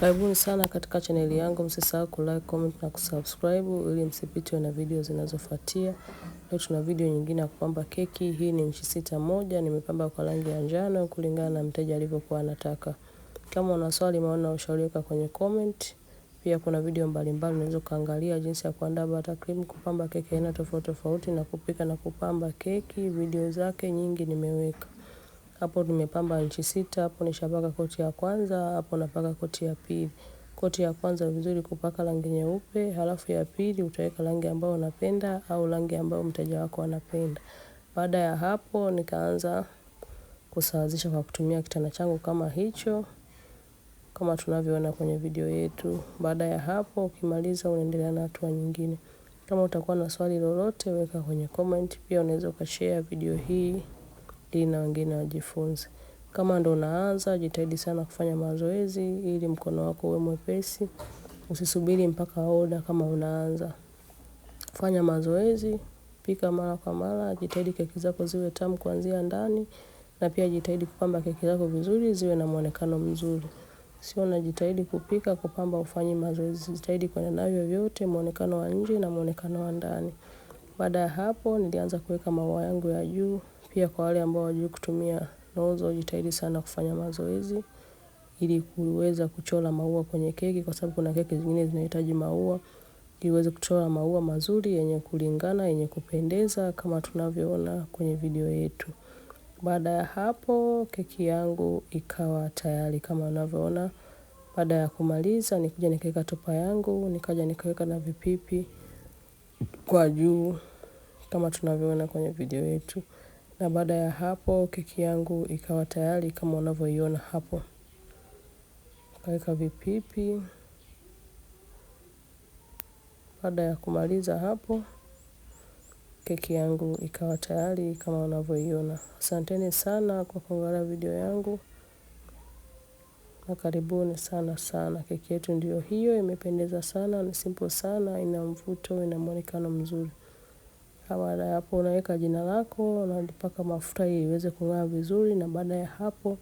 Karibuni sana katika chaneli yangu, msisahau like, comment na kusubscribe ili msipitwe na video zinazofuatia. Leo tuna video nyingine ya kupamba keki. Hii ni inchi sita moja, nimepamba kwa rangi ya njano kulingana na mteja alivyokuwa anataka. Kama una swali, maoni au ushauri, weka kwenye comment. Pia kuna video mbalimbali unaweza kuangalia jinsi ya kuandaa bata cream, kupamba keki aina tofauti tofauti na kupika na kupamba keki. Video zake nyingi nimeweka. Hapo nimepamba nchi sita, hapo nishapaka koti ya kwanza, hapo napaka koti ya pili. Koti ya kwanza vizuri kupaka rangi nyeupe, halafu ya pili utaweka rangi ambayo unapenda au rangi ambayo mteja wako anapenda. Baada ya hapo nikaanza kusawazisha kwa kutumia kitana changu kama hicho, kama tunavyoona kwenye video yetu. Baada ya hapo ukimaliza unaendelea na hatua nyingine. Kama utakuwa na swali lolote weka kwenye comment pia unaweza ukashare video hii ili na wengine wajifunze. Kama ndo unaanza, jitahidi sana kufanya mazoezi, ili mkono wako uwe mwepesi, usisubiri mpaka oda kama unaanza. Fanya mazoezi, pika mara kwa mara, jitahidi keki zako ziwe tamu kuanzia ndani, na pia jitahidi kupamba keki zako vizuri, ziwe na muonekano mzuri. Sio unajitahidi kupika kupamba ufanye mazoezi, jitahidi kuenda navyo vyote, muonekano wa nje na muonekano wa ndani. Baada ya hapo, nilianza kuweka maua yangu ya juu. Pia kwa wale ambao wajui kutumia nozo, jitahidi sana kufanya mazoezi, ili kuweza kuchora maua kwenye keki, kwa sababu kuna keki zingine zinahitaji maua, ili uweze kuchora maua mazuri, yenye kulingana, yenye kupendeza, kama tunavyoona kwenye video yetu. Baada ya hapo, keki yangu ikawa tayari kama unavyoona. Baada ya kumaliza, nikuja nikaweka topa yangu, nikaja nikaweka na vipipi kwa juu kama tunavyoona kwenye video yetu na baada ya hapo keki yangu ikawa tayari kama unavyoiona hapo. Kaweka vipipi. Baada ya kumaliza hapo, keki yangu ikawa tayari kama unavyoiona. Asanteni sana kwa kuangalia video yangu na karibuni sana sana. Keki yetu ndiyo hiyo, imependeza sana, ni simple sana, ina mvuto, ina mwonekano mzuri baada ya hapo unaweka jina lako, unalipaka mafuta ili iweze kung'aa vizuri, na baada ya hapo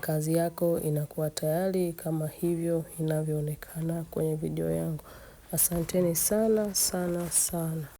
kazi yako inakuwa tayari kama hivyo inavyoonekana kwenye video yangu. Asanteni sana sana sana.